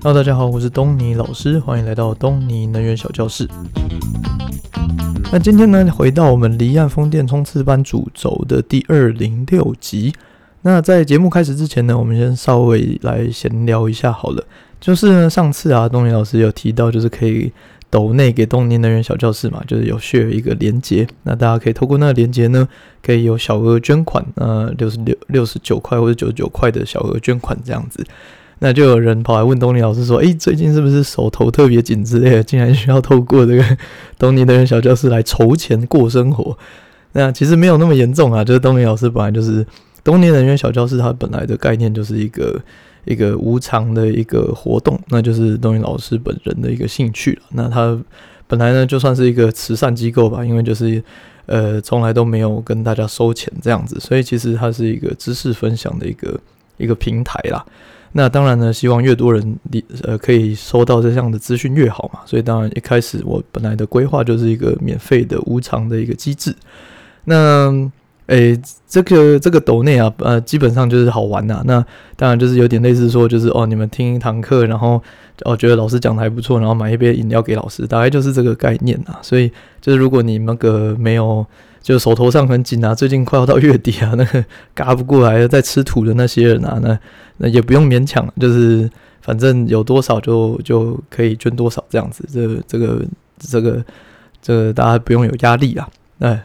Hello，大家好，我是東尼老師，歡迎來到東尼能源小教室。那今天呢，回到我們離岸風電衝刺班主軸的第二零六集。那在節目開始之前呢，我們先稍微來閒聊一下好了。就是呢，上次啊，東尼老師有提到，就是可以抖內給東尼能源小教室嘛，就是有 share 一個連接，那大家可以透過那個連接呢，可以有小額捐款，呃，六十六六十九塊或者九十九塊的小額捐款這樣子。那就有人跑來問東尼老師說：“誒、欸，最近是不是手頭特別緊之類的？竟然需要透過這個東尼能源小教室來籌錢過生活？”那其實沒有那麼嚴重啊。就是東尼老師本來就是東尼能源小教室，它本來的概念就是一個一個無償的一個活動，那就是東尼老師本人的一個興趣。那他本來呢，就算是一個慈善機構吧，因為就是呃，從來都沒有跟大家收錢這樣子，所以其實它是一個知識分享的一個一個平台啦。那當然呢，希望越多人你呃可以收到這項的資訊越好嘛。所以當然一開始我本來的規劃就是一個免費的無償的一個機制。那誒、欸、這個這個鬥內啊呃基本上就是好玩吶、啊。那當然就是有點類似說，就是哦你們聽一堂課，然後哦覺得老師講的還不錯，然後買一杯飲料給老師，大概就是這個概念啊。所以就是如果你那個沒有。就手頭上很緊啊，最近快要到月底啊，那個嘎不過來在吃土的那些人啊，那那也不用勉強，就是反正有多少就就可以捐多少這樣子，這這個這個這個大家不用有壓力啊。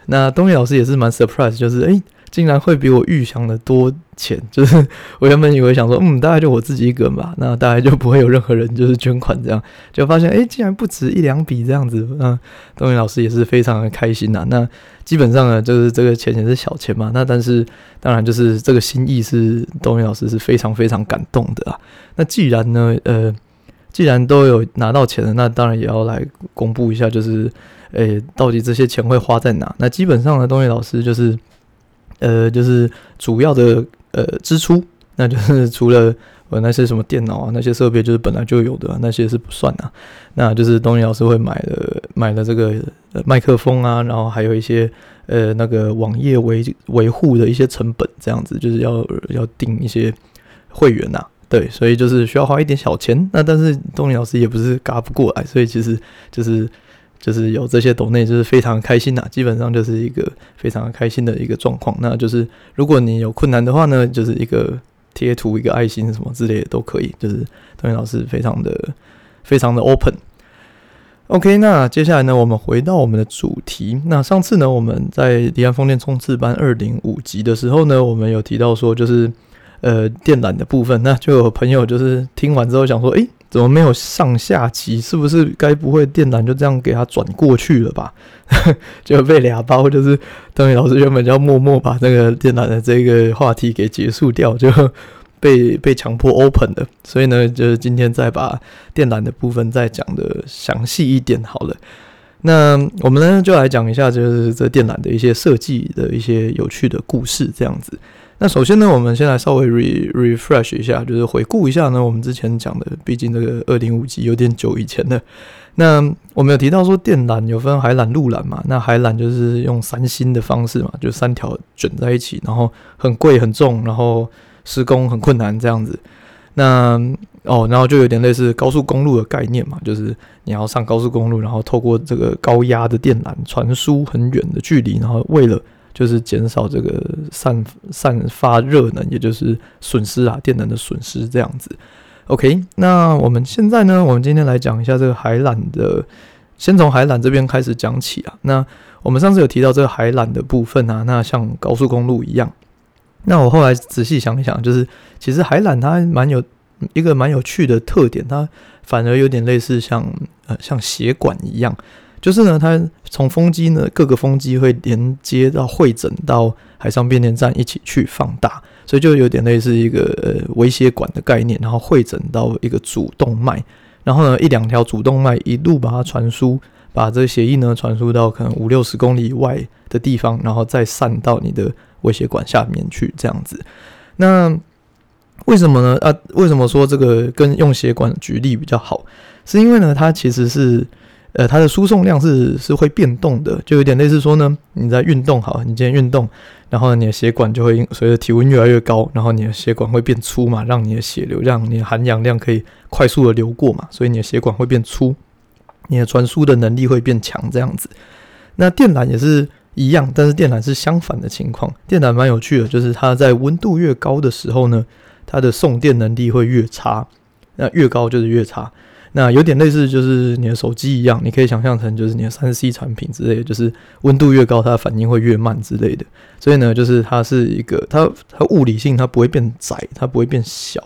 那東野老師也是蠻 surprise，就是哎。誒竟然會比我預想的多錢，就是我原本以為想說，嗯，大概就我自己一個吧，那大概就不會有任何人就是捐款這樣，就發現，哎，竟然不止一兩筆這樣子，嗯，東野老師也是非常的開心吶、啊。那基本上呢，就是這個錢也是小錢嘛，那但是當然就是這個心意是東野老師是非常非常感動的啊。那既然呢，呃，既然都有拿到錢了，那當然也要來公布一下，就是，誒，到底這些錢會花在哪？那基本上呢，東野老師就是。呃，就是主要的呃支出，那就是除了我、呃、那些什麼電腦啊那些設備，就是本來就有的、啊、那些是不算啊。那就是東尼老師會買的，買了這個、呃、麥克風啊，然後還有一些呃那個網頁維維護的一些成本，這樣子就是要、呃、要訂一些會員吶、啊，對，所以就是需要花一點小錢。那但是東尼老師也不是嘎不過來，所以其實就是。就是有這些抖內，就是非常開心啊，基本上就是一個非常開心的一個狀況。那就是如果你有困難的話呢，就是一個貼圖、一個愛心什麼之類的都可以。就是動員老師非常的、非常的 open。OK，那接下來呢，我們回到我們的主題。那上次呢，我們在離岸風電衝刺班205集的時候呢，我們有提到說，就是。呃，電纜的部分，那就有朋友就是聽完之後想說，誒，怎麼沒有上下集？是不是該不會電纜就這樣給它轉過去了吧？ 就被倆包，就是鄧宇老師原本就要默默把這個電纜的這個話題給結束掉，就被被強迫 open 的。所以呢，就是今天再把電纜的部分再講得詳細一點好了。那我們呢，就來講一下，就是這電纜的一些設計的一些有趣的故事，這樣子。那首先呢，我們先來稍微 re f r e s h 一下，就是回顧一下呢，我們之前講的，畢竟這個二0五 G 有點久以前的。那我們有提到說電纜有分海纜、路纜嘛？那海纜就是用三星的方式嘛，就三條卷在一起，然後很貴、很重，然後施工很困難這樣子。那哦，然後就有點類似高速公路的概念嘛，就是你要上高速公路，然後透過這個高壓的電纜傳輸很遠的距離，然後為了就是減少這個散散發熱能，也就是損失啊，電能的損失這樣子。OK，那我們現在呢，我們今天來講一下這個海纜的，先從海纜這邊開始講起啊。那我們上次有提到這個海纜的部分啊，那像高速公路一樣。那我後來仔細想一想，就是其實海纜它蠻有一個蠻有趣的特點，它反而有點類似像呃，像血管一樣。就是呢，它從風機呢，各個風機會連接到彙整到海上變電站一起去放大，所以就有點類似一個、呃、微血管的概念，然後彙整到一個主動脈，然後呢一兩條主動脈一路把它傳輸，把這血液呢傳輸到可能五六十公里以外的地方，然後再散到你的微血管下面去這樣子。那為什麼呢？啊，為什麼說這個跟用血管舉例比較好？是因為呢，它其實是。呃，它的輸送量是是會變動的，就有點類似說呢，你在運動好，你今天運動，然後你的血管就會隨着體溫越來越高，然後你的血管會變粗嘛，讓你的血流，讓你的含氧量可以快速的流過嘛，所以你的血管會變粗，你的傳輸的能力會變強這樣子。那電纜也是一樣，但是電纜是相反的情況。電纜蠻有趣的，就是它在溫度越高的時候呢，它的送電能力會越差，那越高就是越差。那有點類似，就是你的手機一樣，你可以想象成就是你的 3C 產品之類的，就是溫度越高，它反應會越慢之類的。所以呢，就是它是一個，它它物理性它不會變窄，它不會變小，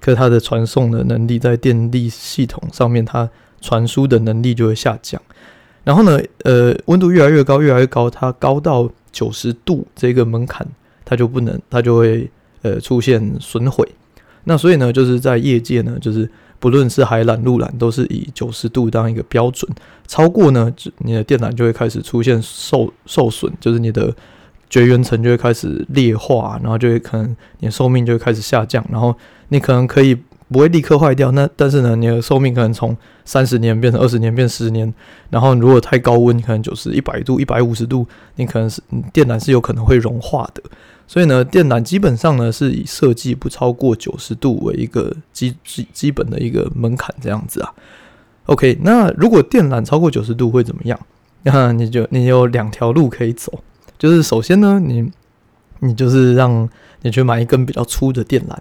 可是它的傳送的能力在電力系統上面，它傳輸的能力就會下降。然後呢，呃，溫度越來越高，越來越高，它高到九十度這個門檻，它就不能，它就會呃出現損毀。那所以呢，就是在業界呢，就是不論是海纜、陸纜，都是以九十度當一個標準。超過呢，就你的電纜就會開始出現受受損，就是你的絕緣層就會開始劣化，然後就會可能你的壽命就會開始下降。然後你可能可以不會立刻壞掉，那但是呢，你的壽命可能從三十年變成二十年，變十年。然後如果太高溫，可能九十、一百度、一百五十度，你可能是電纜是有可能會融化的。所以呢，電纜基本上呢是以設計不超過九十度為一個基基基本的一個門檻這樣子啊。OK，那如果電纜超過九十度會怎麼樣？那你就你有兩條路可以走，就是首先呢，你你就是讓你去買一根比較粗的電纜，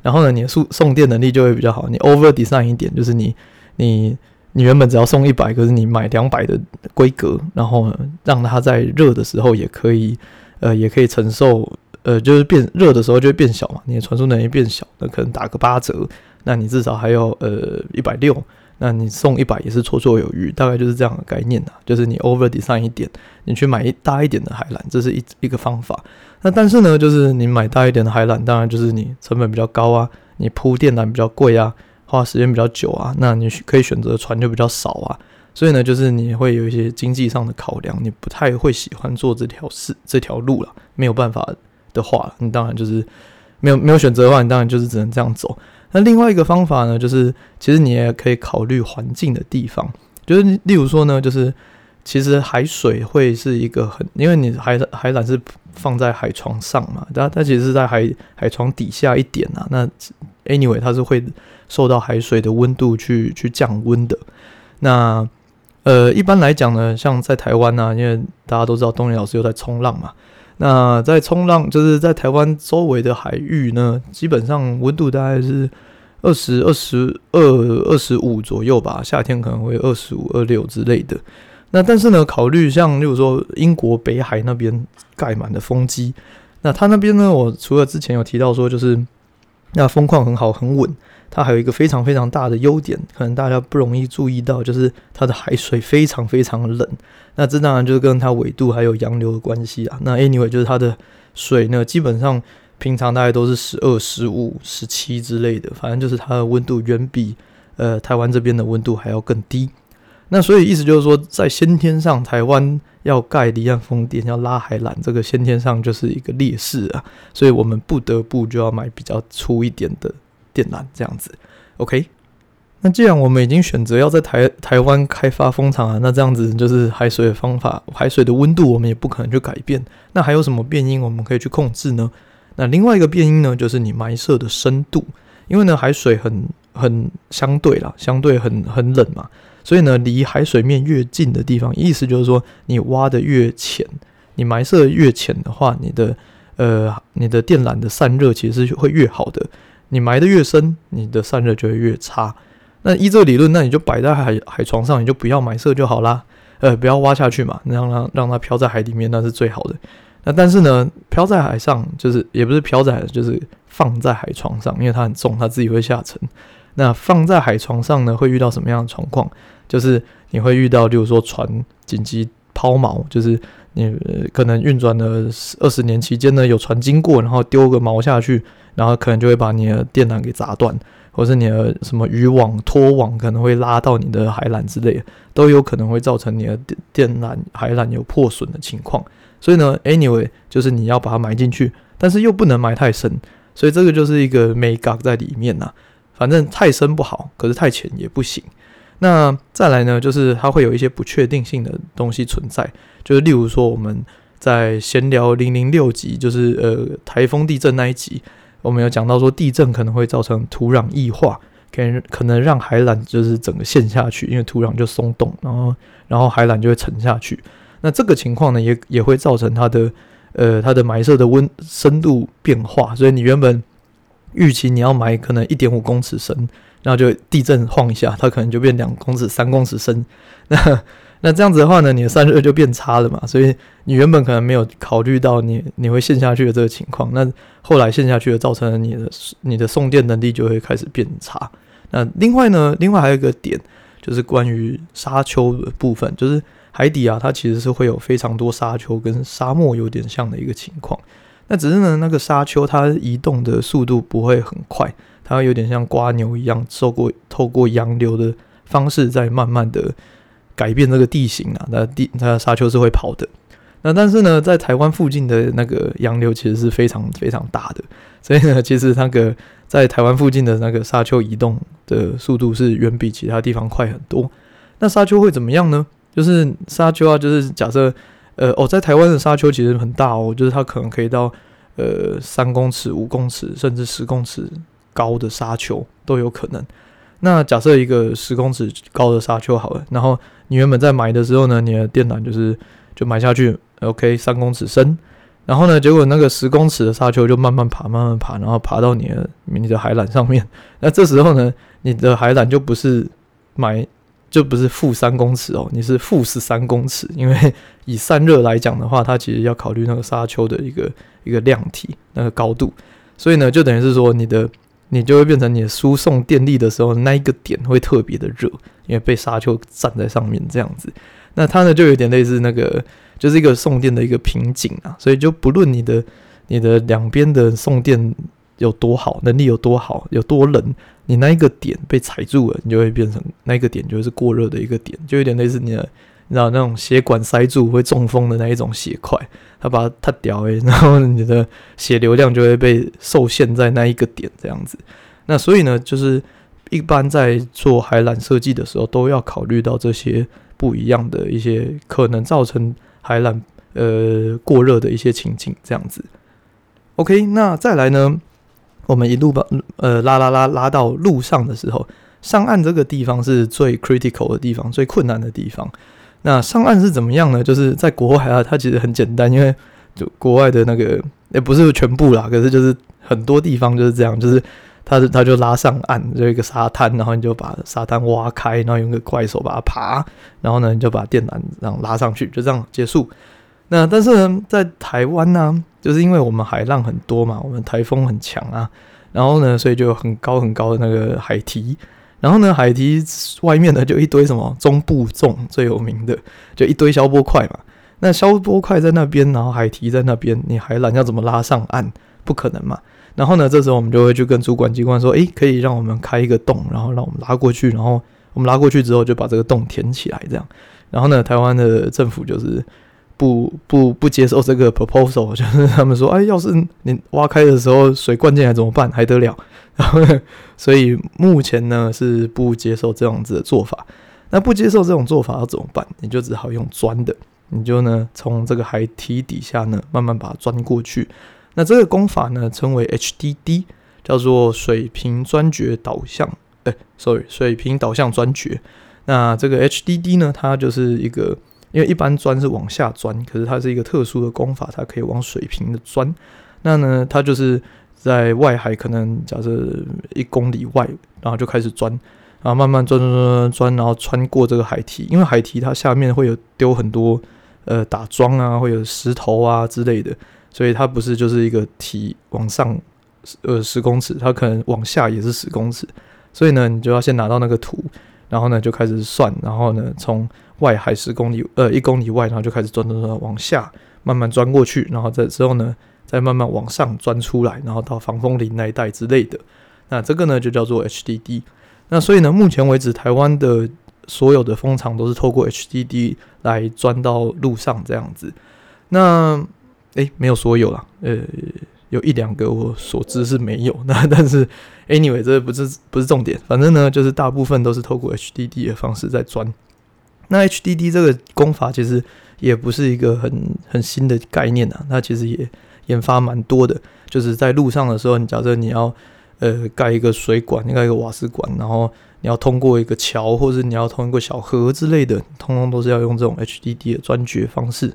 然後呢，你送送電能力就會比較好。你 over design 一點，就是你你你原本只要送一百，可是你買兩百的規格，然後呢，讓它在熱的時候也可以呃也可以承受。呃，就是變熱的時候就會變小嘛，你的傳輸能力變小，那可能打個八折，那你至少還有呃一百六，160，那你送一百也是綽綽有餘，大概就是這樣的概念啦。就是你 over design 一點，你去買一大一點的海纜，這是一一個方法。那但是呢，就是你買大一點的海纜，當然就是你成本比較高啊，你鋪電纜比較貴啊，花時間比較久啊，那你可以選擇船就比較少啊。所以呢，就是你會有一些經濟上的考量，你不太會喜歡做這條是這條路了，沒有辦法。的話，你當然就是沒有沒有選擇的話，你當然就是只能這樣走。那另外一個方法呢，就是其實你也可以考慮環境的地方，就是例如說呢，就是其實海水會是一個很，因為你海海纜，是放在海床上嘛，但它其實是在海海床底下一點啊。那 anyway，它是會受到海水的溫度去去降溫的。那呃，一般來講呢，像在台灣呢、啊，因為大家都知道東尼老師又在衝浪嘛。那在衝浪，就是在台灣周圍的海域呢，基本上溫度大概是二十、二十二、二十五左右吧。夏天可能會二十五、二六之類的。那但是呢，考慮像，例如說英國北海那邊蓋滿的風機，那他那邊呢，我除了之前有提到說，就是那風況很好，很穩。它還有一個非常非常大的優點，可能大家不容易注意到，就是它的海水非常非常冷。那這當然就是跟它緯度還有洋流的關係啊。那 anyway，就是它的水呢，基本上平常大概都是十二、十五、十七之類的，反正就是它的溫度遠比呃台灣這邊的溫度還要更低。那所以意思就是說，在先天上，台灣要蓋離岸風電，要拉海纜，這個先天上就是一個劣勢啊。所以我們不得不就要買比較粗一點的。電纜這樣子，OK。那既然我們已經選擇要在台台灣開發風場啊，那這樣子就是海水的方法，海水的溫度我們也不可能去改變。那還有什麼變因我們可以去控制呢？那另外一個變因呢，就是你埋設的深度。因為呢，海水很很相對啦，相對很很冷嘛，所以呢，離海水面越近的地方，意思就是說你挖得越淺，你埋設越淺的話，你的呃你的電纜的散熱其實是會越好的。你埋得越深，你的散熱就會越差。那依這個理論，那你就擺在海海床上，你就不要埋設就好啦。呃，不要挖下去嘛，讓它讓，讓它漂在海裡面，那是最好的。那但是呢，漂在海上就是也不是漂在海，就是放在海床上，因為它很重，它自己會下沉。那放在海床上呢，會遇到什麼樣的狀況？就是你會遇到，就是說船緊急拋錨，就是。你、呃、可能運轉了二十年期間呢，有船經過，然後丟個錨下去，然後可能就會把你的電纜給砸斷，或是你的什麼漁網、拖網可能會拉到你的海纜之類的，都有可能會造成你的電纜、海纜有破損的情況。所以呢，anyway，就是你要把它埋進去，但是又不能埋太深，所以這個就是一個 magic 在裡面啦、啊，反正太深不好，可是太淺也不行。那再來呢，就是它會有一些不確定性的東西存在，就是例如說我們在閒聊零零六集，就是呃台風地震那一集，我們有講到說地震可能會造成土壤液化，可可能讓海纜就是整個陷下去，因為土壤就鬆動，然後然後海纜就會沉下去。那這個情況呢，也也會造成它的呃它的埋設的溫深度變化，所以你原本。預期你要埋可能一點五公尺深，然後就地震晃一下，它可能就變兩公尺、三公尺深。那那這樣子的話呢，你的散熱就變差了嘛。所以你原本可能沒有考慮到你你會陷下去的這個情況，那後來陷下去了，造成了你的你的送電能力就會開始變差。那另外呢，另外還有一個點就是關於沙丘的部分，就是海底啊，它其實是會有非常多沙丘跟沙漠有點像的一個情況。那只是呢，那個沙丘它移動的速度不會很快，它有點像蝸牛，一樣，受過，透過透過洋流的方式在慢慢的改變那個地形啊。那地那沙丘是會跑的。那但是呢，在台灣附近的那個洋流其實是非常非常大的，所以呢，其實那個在台灣附近的那個沙丘移動的速度是遠比其他地方快很多。那沙丘會怎麼樣呢？就是沙丘啊，就是假設。呃，我，哦，在台灣的沙丘其實很大哦，就是它可能可以到呃三公尺、五公尺，甚至十公尺高的沙丘都有可能。那假設一個十公尺高的沙丘好了，然後你原本在埋的時候呢，你的電纜就是就埋下去，OK，三公尺深。然後呢，結果那個十公尺的沙丘就慢慢爬，慢慢爬，然後爬到你的你的海纜上面。那這時候呢，你的海纜就不是埋，就不是負三公尺哦，你是負十三公尺，因為以散熱來講的話，它其實要考慮那個沙丘的一個一個量體那個高度，所以呢，就等於是說你的你就會變成你輸送電力的時候，那一個點會特別的熱，因為被沙丘站在上面這樣子，那它呢，就有點類似那個就是一個送電的一個瓶頸啊，所以就不論你的你的兩邊的送電有多好，能力有多好，有多冷。你那一個點被踩住了，你就會變成那一個點，就是過熱的一個點，就有點類似你的，你知道那種血管塞住會中風的那一種血塊，它把它塌掉欸，然後你的血流量就會被受限在那一個點這樣子。那所以呢，就是一般在做海纜設計的時候，都要考慮到這些不一樣的一些可能造成海纜呃過熱的一些情景這樣子。OK，那再來呢？我們一路把呃拉拉拉拉到路上的時候，上岸這個地方是最 critical 的地方，最困難的地方。那上岸是怎麼樣呢？就是在國外啊，它其實很簡單，因為就國外的那個也不是全部啦，可是就是很多地方就是這樣，就是它它就拉上岸，就一個沙灘，然後你就把沙灘挖開，然後用個怪手把它爬，然後呢你就把電纜這樣拉上去，就這樣結束。那但是呢，在台灣呢，啊，就是因為我們海浪很多嘛，我們台風很強啊，然後呢，所以就有很高很高的那個海堤，然後呢，海堤外面呢就一堆什麼中部重最有名的，就一堆消波塊嘛。那消波塊在那邊，然後海堤在那邊，你海纜要怎麼拉上岸？不可能嘛。然後呢，這時候我們就會去跟主管機關說，誒、欸，可以讓我們開一個洞，然後讓我們拉過去，然後我們拉過去之後就把這個洞填起來，這樣。然後呢，台灣的政府就是。不不不接受這個 proposal，就是他們說，哎，要是你挖開的時候水灌進來怎麼辦？還得了。然後呢，所以目前呢是不接受這樣子的做法。那不接受這種做法要怎麼辦？你就只好用鑽的，你就呢從這個海堤底下呢慢慢把它鑽過去。那這個工法呢稱為 HDD，叫做水平鑽掘導向。哎，欸，sorry，水平導向鑽掘。那這個 HDD 呢，它就是一個。因為一般鑽是往下鑽，可是它是一個特殊的工法，它可以往水平的鑽。那呢，它就是在外海，可能假設一公里外，然後就開始鑽，然後慢慢鑽鑽鑽鑽鑽，然後穿過這個海堤。因為海堤它下面會有丟很多呃打樁啊，會有石頭啊之類的，所以它不是就是一個堤往上呃十公尺，它可能往下也是十公尺。所以呢，你就要先拿到那個圖，然後呢就開始算，然後呢從。外還是公里，呃，一公里外，然後就開始鑽鑽鑽往下，慢慢鑽過去，然後再之後呢，再慢慢往上鑽出來，然後到防風林那一帶之類的。那這個呢，就叫做 HDD。那所以呢，目前為止，台灣的所有的風場都是透過 HDD 來鑽到路上這樣子。那誒、欸，沒有所有啦，呃，有一兩個我所知是沒有那，但是 anyway，這不是不是重點，反正呢，就是大部分都是透過 HDD 的方式在鑽。那 HDD 這個工法其實也不是一個很很新的概念吶，它其實也研發蠻多的。就是在路上的時候，假設你要呃蓋一個水管，蓋一個瓦斯管，然後你要通過一個橋，或者你要通過小河之類的，通通都是要用這種 HDD 的鑽掘方式。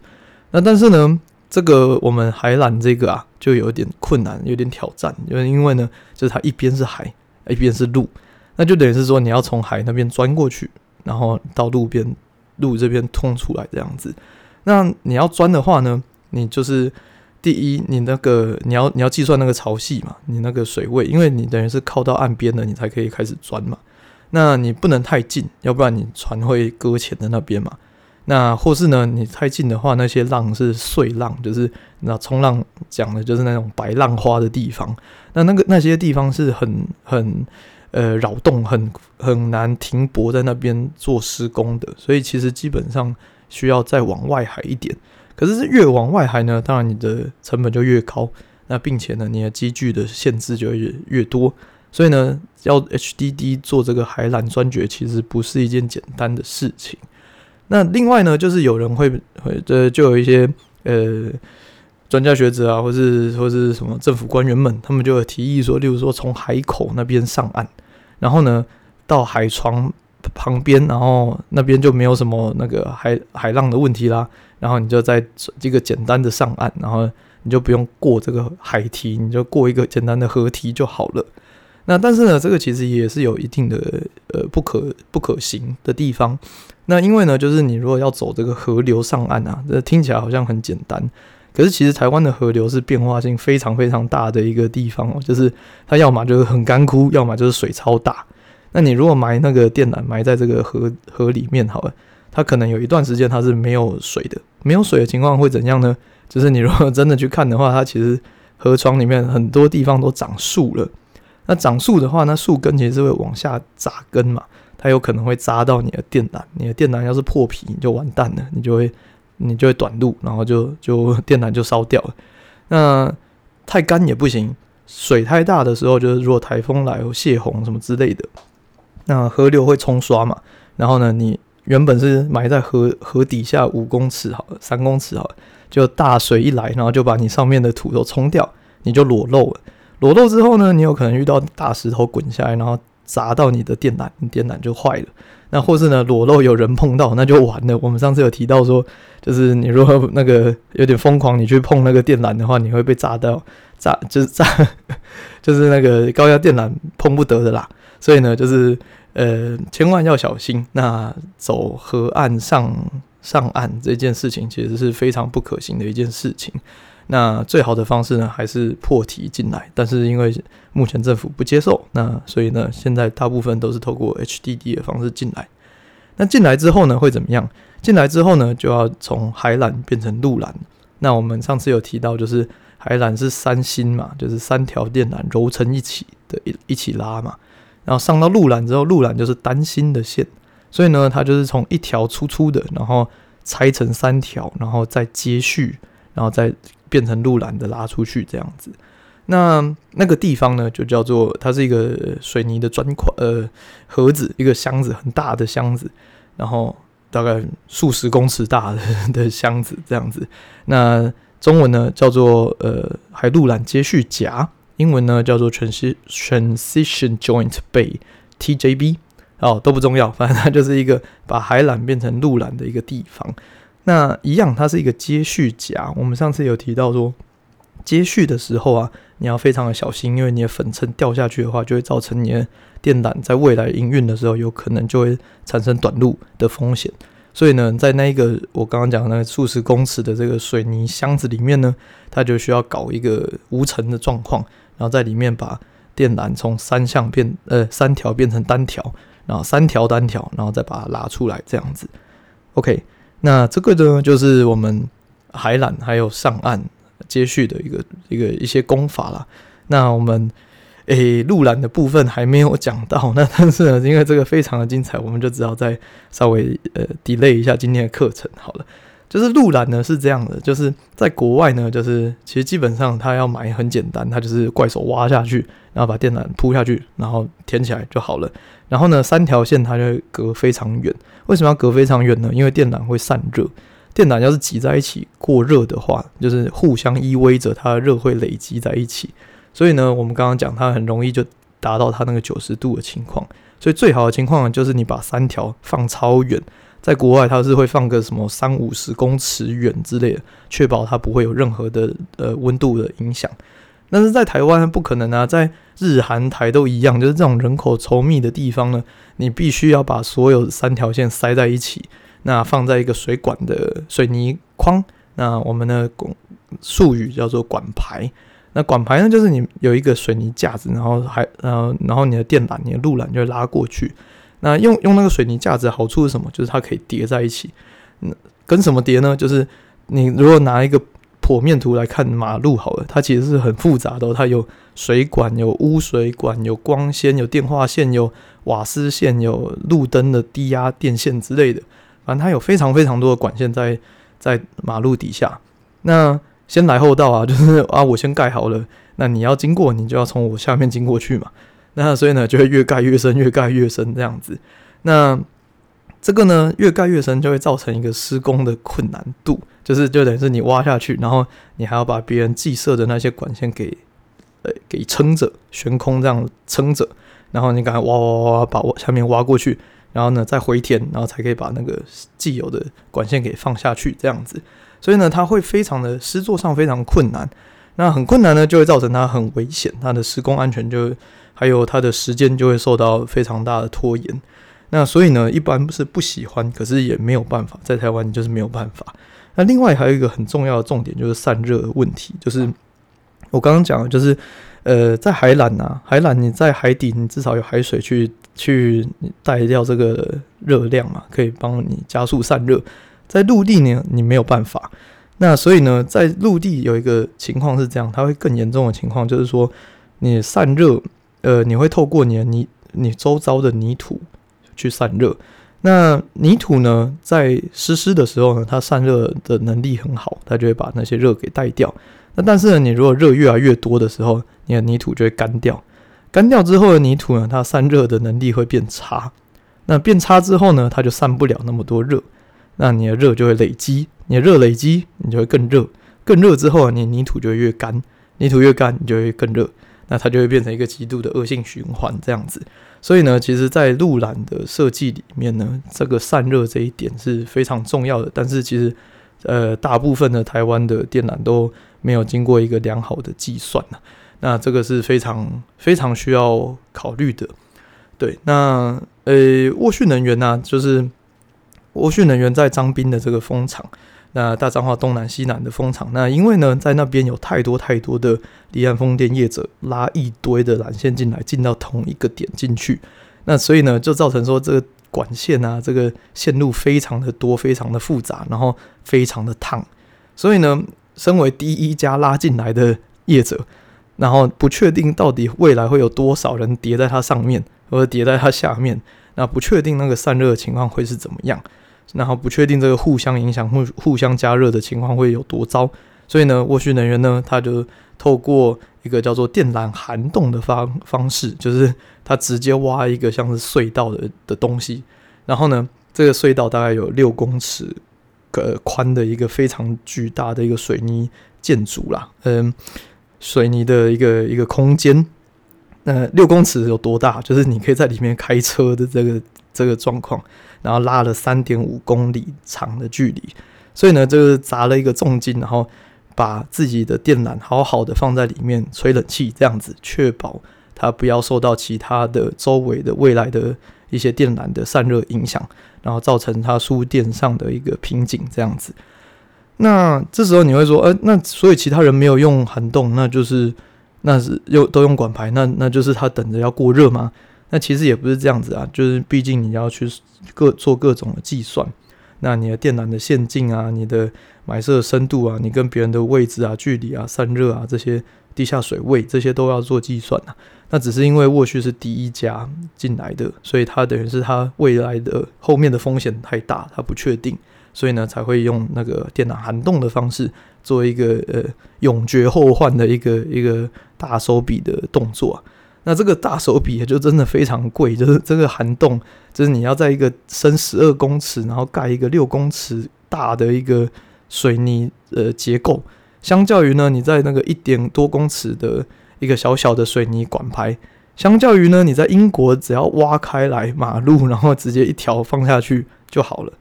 那但是呢，這個我們海纜這個啊，就有點困難，有點挑戰，因為因為呢，就是它一邊是海，一邊是路，那就等於是說你要從海那邊鑽過去，然後到路邊。路這邊通出來這樣子，那你要鑽的話呢，你就是第一，你那個你要你要計算那個潮汐嘛，你那個水位，因為你等於是靠到岸邊了，你才可以開始鑽嘛。那你不能太近，要不然你船會擱淺在那邊嘛。那或是呢，你太近的話，那些浪是碎浪，就是那衝浪講的就是那種白浪花的地方。那那個那些地方是很很。呃，擾動很很難停泊在那邊做施工的，所以其實基本上需要再往外海一點。可是越往外海呢，當然你的成本就越高，那並且呢，你的機具的限制就越越多。所以呢，要 HDD 做這個海纜鑽掘，其實不是一件簡單的事情。那另外呢，就是有人會會就，就有一些呃。專家學者啊，或是或是什麼政府官員們，他們就有提議說，例如說從海口那邊上岸，然後呢到海床旁邊，然後那邊就沒有什麼那個海海浪的問題啦，然後你就在這個簡單的上岸，然後你就不用過這個海堤，你就過一個簡單的河堤就好了。那但是呢，這個其實也是有一定的呃不可不可行的地方。那因為呢，就是你如果要走這個河流上岸啊，這聽起來好像很簡單。可是其實台灣的河流是變化性非常非常大的一個地方哦，就是它要麼就是很乾枯，要麼就是水超大。那你如果埋那個電纜埋在這個河河裡面，好了，它可能有一段時間它是沒有水的。沒有水的情況會怎樣呢？就是你如果真的去看的話，它其實河床裡面很多地方都長樹了。那長樹的話，那樹根其實是會往下扎根嘛，它有可能會扎到你的電纜。你的電纜要是破皮，你就完蛋了，你就會。你就會短路，然後就就電纜就燒掉了。那太乾也不行，水太大的時候，就是如果台風來或洩洪什麼之類的，那河流會沖刷嘛。然後呢，你原本是埋在河河底下五公尺好，三公尺好，就大水一來，然後就把你上面的土都沖掉，你就裸露了。裸露之後呢，你有可能遇到大石頭滾下來，然後砸到你的電纜，你電纜就壞了。那或是呢，裸露，有人碰到那就完了。我們上次有提到說，就是你如果那個有點瘋狂，你去碰那個電纜的話，你會被炸到，炸就是炸，就是那個高壓電纜碰不得的啦。所以呢，就是呃，千萬要小心。那走河岸上上岸，這件事情，其實是非常不可行的一件事情。那最好的方式呢，還是破題進來，但是因為目前政府不接受，那所以呢，現在大部分都是透過 HDD 的方式進來。那進來之後呢，會怎麼樣？進來之後呢，就要從海纜變成陸纜。那我們上次有提到，就是海纜是三芯嘛，就是三條電纜揉成一起的一一起拉嘛。然後上到陸纜之後，陸纜就是單芯的線，所以呢，它就是從一條粗粗的，然後拆成三條，然後再接續，然後再。變成陸纜的拉出去這樣子，那那個地方呢，就叫做它是一個水泥的磚塊呃盒子，一個箱子很大的箱子，然後大概數十公尺大的的箱子這樣子。那中文呢叫做呃海陸纜接續夾，英文呢叫做 trans transition trans Joint Bay TJB 哦都不重要，反正它就是一個把海纜變成陸纜的一個地方。那一樣，它是一個接續夾。我們上次有提到說，接續的時候啊，你要非常的小心，因為你的粉塵掉下去的話，就會造成你的電纜在未來營運的時候，有可能就會產生短路的風險。所以呢，在那一個我剛剛講的那個數十公尺的這個水泥箱子裡面呢，它就需要搞一個無塵的狀況，然後在裡面把電纜從三相變呃三條變成單條，然後三條單條，然後再把它拉出來這樣子。OK。那這個呢，就是我們海纜還有上岸接續的一個一個一些功法啦。那我們誒、欸、陸纜的部分還沒有講到，那但是呢，因為這個非常的精彩，我們就只好再稍微呃 delay 一下今天的課程，好了。就是陸纜呢是這樣的，就是在國外呢，就是其實基本上它要埋很簡單，它就是怪手挖下去，然後把電纜鋪下去，然後填起來就好了。然後呢，三條線它就會隔非常遠。為什麼要隔非常遠呢？因為電纜會散熱，電纜要是擠在一起過熱的話，就是互相依偎着，它的熱會累積在一起。所以呢，我們剛剛講它很容易就達到它那個九十度的情況。所以最好的情況呢，就是你把三條放超遠。在國外，它是會放個什麼三五十公尺遠之類的，確保它不會有任何的呃溫度的影響。但是在台灣不可能啊，在日韓台都一樣，就是這種人口稠密的地方呢，你必須要把所有三條線塞在一起，那放在一個水管的水泥框，那我們的工術語叫做管排。那管排呢，就是你有一個水泥架子，然後還，然後然後你的電纜、你的路纜就拉過去。那用用那個水泥架子好處是什麼？就是它可以疊在一起。那跟什麼疊呢？就是你如果拿一個剖面圖來看馬路好了，它其實是很複雜的，它有水管、有污水管、有光纖、有電話線、有瓦斯線、有路燈的低壓電線之類的。反正它有非常非常多的管線在在馬路底下。那先來後到啊，就是啊，我先蓋好了，那你要經過，你就要從我下面經過去嘛。那所以呢，就會越蓋越深，越蓋越深這樣子。那這個呢，越蓋越深就會造成一個施工的困難度，就是就等於是你挖下去，然後你還要把別人既設的那些管線給、欸、給撐着，懸空這樣撐着，然後你趕快挖，挖挖挖把下面挖過去，然後呢再回填，然後才可以把那個既有的管線給放下去這樣子。所以呢，它會非常的施作上非常困難。那很困難呢，就會造成它很危險，它的施工安全就還有它的時間就會受到非常大的拖延。那所以呢，一般是不喜歡，可是也沒有辦法，在台灣你就是沒有辦法。那另外還有一個很重要的重點就是散熱問題，就是我剛剛講的，就是呃，在海纜啊，海纜你在海底，你至少有海水去去帶掉這個熱量嘛，可以幫你加速散熱。在陸地呢，你沒有辦法。那所以呢，在陸地有一個情況是這樣，它會更嚴重的情況就是說，你散熱，呃，你會透過你的泥，你周遭的泥土去散熱。那泥土呢，在濕濕的時候呢，它散熱的能力很好，它就會把那些熱給帶掉。那但是呢，你如果熱越來越多的時候，你的泥土就會乾掉。乾掉之後的泥土呢，它散熱的能力會變差。那變差之後呢，它就散不了那麼多熱，那你的熱就會累積。你熱累積，你就會更熱，更熱之後啊，你泥土就越乾，泥土越乾，你就會更熱，那它就會變成一個極度的惡性循環這樣子。所以呢，其實，在陸纜的設計裡面呢，這個散熱這一點是非常重要的。但是其實，呃，大部分的台灣的電纜都沒有經過一個良好的計算、啊、那這個是非常非常需要考慮的。對，那呃，沃、欸、旭能源呢、啊，就是沃旭能源在彰濱的這個風場。那大彰化東南西南的風場，那因為呢，在那邊有太多太多的離岸風電業者拉一堆的纜線進來，進到同一個點進去，那所以呢，就造成說這個管線啊，這個線路非常的多，非常的複雜，然後非常的燙，所以呢，身為第一家拉進來的業者，然後不確定到底未來會有多少人疊在它上面，或者疊在它下面，那不確定那個散熱情況會是怎麼樣。然後不確定這個互相影響、互互相加熱的情況會有多糟，所以呢，沃旭能源呢，它就透過一個叫做電纜涵洞的方方式，就是它直接挖一個像是隧道的的東西，然後呢，這個隧道大概有六公尺呃，寬的一個非常巨大的一個水泥建築啦，嗯、呃，水泥的一個一個空間，那、呃、六公尺有多大？就是你可以在裡面開車的這個這個狀況。然後拉了三點五公里長的距離，所以呢，就是砸了一個重金，然後把自己的電纜好好的放在裡面吹冷氣，這樣子確保它不要受到其他的周圍的未來的一些電纜的散熱影響，然後造成它輸電上的一個瓶頸。這樣子，那這時候你會說，呃，那所以其他人沒有用涵洞，那就是那是又都用管排，那那就是他等着要過熱嗎？那其實也不是這樣子啊，就是畢竟你要去各做各種的計算，那你的電纜的線徑啊，你的埋設深度啊，你跟別人的位置啊、距離啊、散熱啊這些，地下水位這些都要做計算啊。那只是因為沃旭是第一家進來的，所以它等於是它未來的後面的風險太大，它不確定，所以呢才會用那個電纜涵洞的方式，做一個呃永絕後患的一個一個大手筆的動作啊。那這個大手筆也就真的非常貴，就是這個涵洞，就是你要在一個深十二公尺，然後蓋一個六公尺大的一個水泥呃結構，相較於呢，你在那個一點多公尺的一個小小的水泥管排，相較於呢，你在英國只要挖開來馬路，然後直接一條放下去就好了，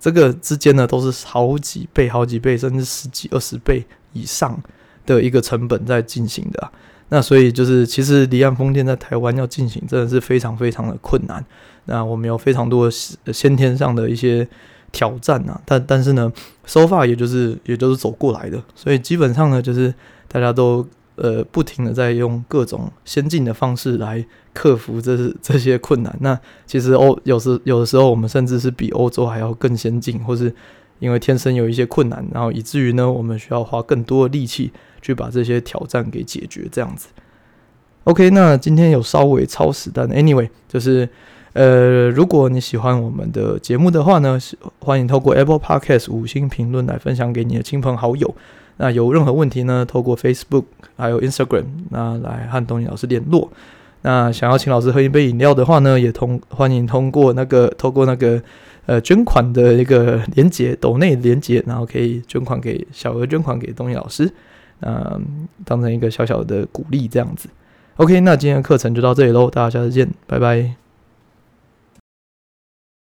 這個之間呢都是好幾倍、好幾倍，甚至十幾、二十倍以上的一個成本在進行的啊。那所以就是，其實離岸風電在台灣要進行真的是非常非常的困難。那我們有非常多的先天上的一些挑戰啊，但但是呢，so far 也就是也就是走過來的。所以基本上呢，就是大家都呃不停的在用各種先進的方式來克服這這些困難。那其實歐有時有的時候我們甚至是比歐洲還要更先進，或是。因為天生有一些困難，然後以至於呢，我們需要花更多的力氣去把這些挑戰給解決。這樣子，OK。那今天有稍微超時，但 Anyway，就是呃，如果你喜歡我們的節目的話呢，歡迎透過 Apple Podcast 五星評論來分享給你的親朋好友。那有任何問題呢，透過 Facebook 還有 Instagram 那來和東尼老師聯絡。那想要請老師喝一杯飲料的話呢，也通歡迎通過那個透過那個。呃，捐款的一個鏈接，抖內鏈接，然後可以捐款給小額捐款給東野老師，嗯，當成一個小小的鼓勵這樣子。OK，那今天的課程就到這裡嘍，大家下次見，拜拜。